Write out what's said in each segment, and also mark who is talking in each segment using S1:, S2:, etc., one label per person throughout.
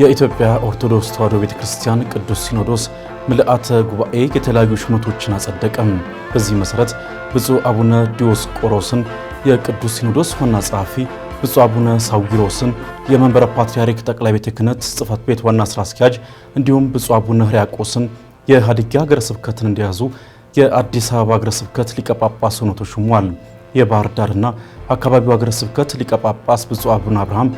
S1: የኢትዮጵያ ኦርቶዶክስ ተዋሕዶ ቤተ ክርስቲያን ቅዱስ ሲኖዶስ ምልአተ ጉባኤ የተለያዩ ሹመቶችን አጸደቀም። በዚህ መሠረት ብፁዕ አቡነ ዲዮስቆሮስን የቅዱስ ሲኖዶስ ዋና ጸሐፊ ብፁዕ አቡነ ሳዊሮስን የመንበረ ፓትርያርክ ጠቅላይ ቤተ ክህነት ጽሕፈት ቤት ዋና ስራ አስኪያጅ እንዲሁም ብፁዕ አቡነ ሕርያቆስን የሀዲያ ሀገረ ስብከትን እንዲያዙ የአዲስ አበባ ሀገረ ስብከት ሊቀ ጳጳስ ሆነው ተሹመዋል። የባህር ዳርና አካባቢው ሀገረ ስብከት ሊቀ ጳጳስ ብፁዕ አቡነ አብርሃም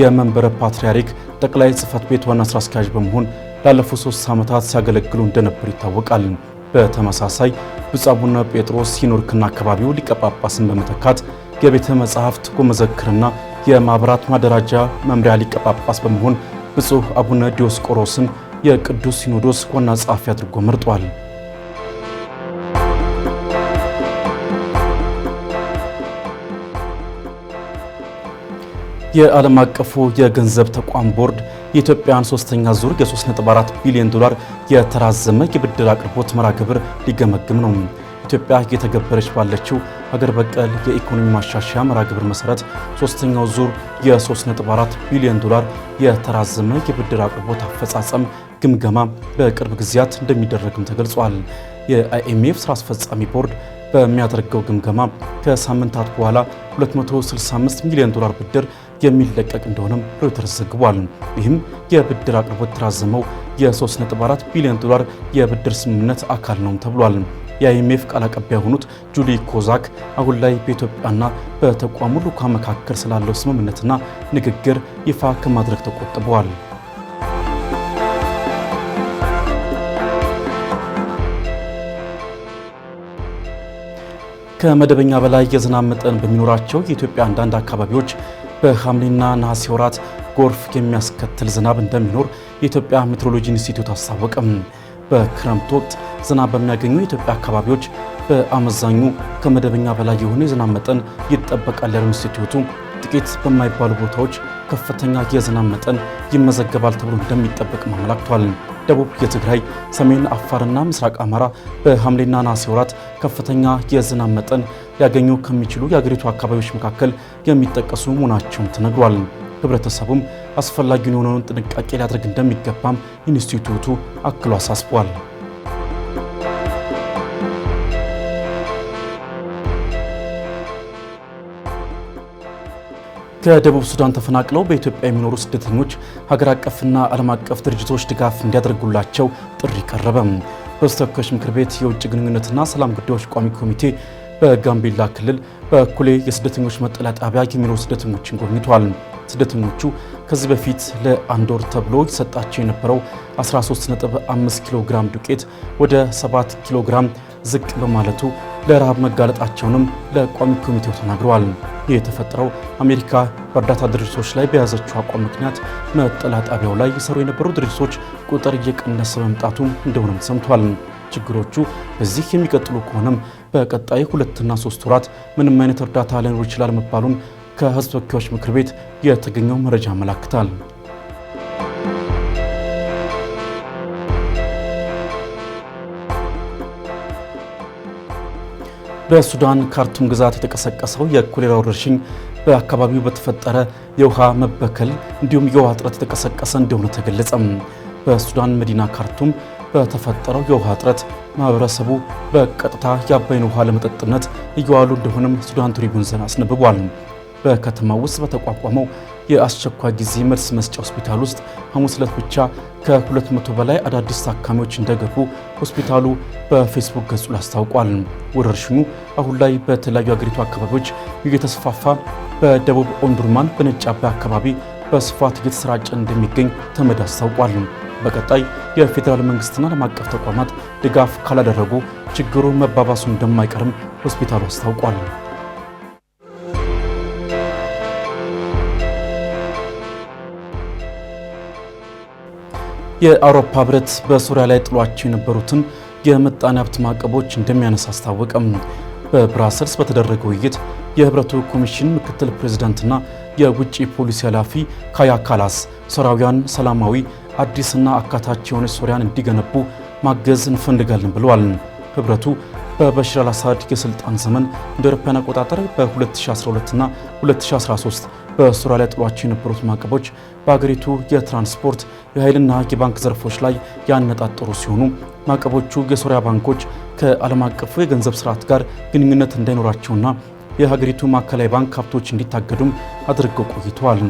S1: የመንበረ ፓትርያርክ ጠቅላይ ጽህፈት ቤት ዋና ስራ አስኪያጅ በመሆን ላለፉት ሶስት ዓመታት ሲያገለግሉ እንደነበር ይታወቃል። በተመሳሳይ ብፁዕ አቡነ ጴጥሮስ ሲኖርክና አካባቢው ሊቀ ጳጳስን በመተካት የቤተ መጻሕፍት ጎመዘክርና የማብራት ማደራጃ መምሪያ ሊቀ ጳጳስ በመሆን ብፁዕ አቡነ ዲዮስቆሮስን የቅዱስ ሲኖዶስ ዋና ጸሐፊ አድርጎ መርጧል። የዓለም አቀፉ የገንዘብ ተቋም ቦርድ የኢትዮጵያን ሶስተኛ ዙር የ3.4 ቢሊዮን ዶላር የተራዘመ የብድር አቅርቦት መርሃ ግብር ሊገመግም ነው። ኢትዮጵያ እየተገበረች ባለችው ሀገር በቀል የኢኮኖሚ ማሻሻያ መርሃ ግብር መሰረት ሶስተኛው ዙር የ3.4 ቢሊዮን ዶላር የተራዘመ የብድር አቅርቦት አፈጻጸም ግምገማ በቅርብ ጊዜያት እንደሚደረግም ተገልጿል። የአይኤምኤፍ ስራ አስፈጻሚ ቦርድ በሚያደርገው ግምገማ ከሳምንታት በኋላ 265 ሚሊዮን ዶላር ብድር የሚለቀቅ እንደሆነም ሮይተርስ ዘግቧል። ይህም የብድር አቅርቦት የተራዘመው የ3.4 ቢሊዮን ዶላር የብድር ስምምነት አካል ነው ተብሏል። የአይኤምኤፍ ቃል አቀባይ የሆኑት ጁሊ ኮዛክ አሁን ላይ በኢትዮጵያና በተቋሙ ልዑካን መካከል ስላለው ስምምነትና ንግግር ይፋ ከማድረግ ተቆጥበዋል። ከመደበኛ በላይ የዝናብ መጠን በሚኖራቸው የኢትዮጵያ አንዳንድ አካባቢዎች በሐምሌና ነሐሴ ወራት ጎርፍ የሚያስከትል ዝናብ እንደሚኖር የኢትዮጵያ ሜትሮሎጂ ኢንስቲትዩት አስታወቀም። በክረምት ወቅት ዝናብ በሚያገኙ የኢትዮጵያ አካባቢዎች በአመዛኙ ከመደበኛ በላይ የሆነ የዝናብ መጠን ይጠበቃል ያለው ኢንስቲትዩቱ ጥቂት በማይባሉ ቦታዎች ከፍተኛ የዝናብ መጠን ይመዘገባል ተብሎ እንደሚጠበቅ ማመላክቷል። ደቡብ የትግራይ፣ ሰሜን አፋርና ምስራቅ አማራ በሐምሌና ነሐሴ ወራት ከፍተኛ የዝናብ መጠን ሊያገኙ ከሚችሉ የአገሪቱ አካባቢዎች መካከል የሚጠቀሱ መሆናቸውም ተነግሯል። ህብረተሰቡም አስፈላጊውን የሆነውን ጥንቃቄ ሊያደርግ እንደሚገባም ኢንስቲትዩቱ አክሎ አሳስቧል። ከደቡብ ሱዳን ተፈናቅለው በኢትዮጵያ የሚኖሩ ስደተኞች ሀገር አቀፍና ዓለም አቀፍ ድርጅቶች ድጋፍ እንዲያደርጉላቸው ጥሪ ቀረበ በሕዝብ ምክር ቤት የውጭ ግንኙነትና ሰላም ጉዳዮች ቋሚ ኮሚቴ በጋምቤላ ክልል በኩሌ የስደተኞች መጠለያ ጣቢያ የሚኖሩ ስደተኞችን ጎብኝቷል። ስደተኞቹ ከዚህ በፊት ለአንድ ወር ተብሎ ይሰጣቸው የነበረው 13.5 ኪሎ ግራም ዱቄት ወደ 7 ኪሎ ግራም ዝቅ በማለቱ ለረሃብ መጋለጣቸውንም ለቋሚ ኮሚቴው ተናግረዋል። ይህ የተፈጠረው አሜሪካ በእርዳታ ድርጅቶች ላይ በያዘችው አቋም ምክንያት መጠለያ ጣቢያው ላይ ይሰሩ የነበሩ ድርጅቶች ቁጥር እየቀነሰ መምጣቱ እንደሆነም ሰምቷል። ችግሮቹ በዚህ የሚቀጥሉ ከሆነም በቀጣይ ሁለትና ሶስት ወራት ምንም አይነት እርዳታ ላይኖር ይችላል መባሉን ከህዝብ ተወካዮች ምክር ቤት የተገኘው መረጃ ያመላክታል። በሱዳን ካርቱም ግዛት የተቀሰቀሰው የኮሌራ ወረርሽኝ በአካባቢው በተፈጠረ የውሃ መበከል እንዲሁም የውሃ እጥረት የተቀሰቀሰ እንደሆነ ተገለጸም። በሱዳን መዲና ካርቱም በተፈጠረው የውሃ እጥረት ማህበረሰቡ በቀጥታ የአባይን ውሃ ለመጠጥነት እየዋሉ እንደሆነም ሱዳን ትሪቡን አስነብቧል። በከተማ ውስጥ በተቋቋመው የአስቸኳይ ጊዜ መልስ መስጫ ሆስፒታል ውስጥ ሐሙስ ዕለት ብቻ ከ200 በላይ አዳዲስ ታካሚዎች እንደገቡ ሆስፒታሉ በፌስቡክ ገጹ ላይ አስታውቋል። ወረርሽኙ አሁን ላይ በተለያዩ አገሪቱ አካባቢዎች እየተስፋፋ በደቡብ ኦንዱርማን በነጭ አባይ አካባቢ በስፋት እየተሰራጨ እንደሚገኝ ተመድ አስታውቋል። በቀጣይ የፌዴራል መንግስትና ዓለም አቀፍ ተቋማት ድጋፍ ካላደረጉ ችግሩ መባባሱ እንደማይቀርም ሆስፒታሉ አስታውቋል። የአውሮፓ ህብረት በሱሪያ ላይ ጥሏቸው የነበሩትን የምጣኔ ሀብት ማዕቀቦች እንደሚያነሳ አስታወቀም። በብራሰልስ በተደረገ ውይይት የህብረቱ ኮሚሽን ምክትል ፕሬዚዳንትና የውጭ ፖሊሲ ኃላፊ ካያ ካላስ ሶሪያውያን ሰላማዊ አዲስና አካታች የሆነች ሶሪያን እንዲገነቡ ማገዝ እንፈልጋለን ብለዋል። ህብረቱ በበሽር አልአሳድ የስልጣን ዘመን እንደ አውሮፓውያን አቆጣጠር በ2012ና 2013 በሱሪያ ላይ ጥሏቸው የነበሩት ማዕቀቦች በአገሪቱ የትራንስፖርት የኃይልና የባንክ ዘርፎች ላይ ያነጣጠሩ ሲሆኑ ማዕቀቦቹ የሶሪያ ባንኮች ከዓለም አቀፉ የገንዘብ ስርዓት ጋር ግንኙነት እንዳይኖራቸውና የሀገሪቱ ማዕከላዊ ባንክ ሀብቶች እንዲታገዱም አድርገው ቆይተዋል።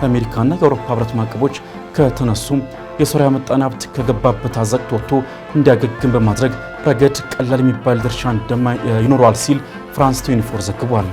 S1: የአሜሪካና የአውሮፓ ህብረት ማዕቀቦች ከተነሱም የሶሪያ ምጣኔ ሀብት ከገባበት አዘቅት ወጥቶ እንዲያገግም በማድረግ ረገድ ቀላል የሚባል ድርሻ ይኖረዋል ሲል ፍራንስ ትዌንቲ ዘግቧል።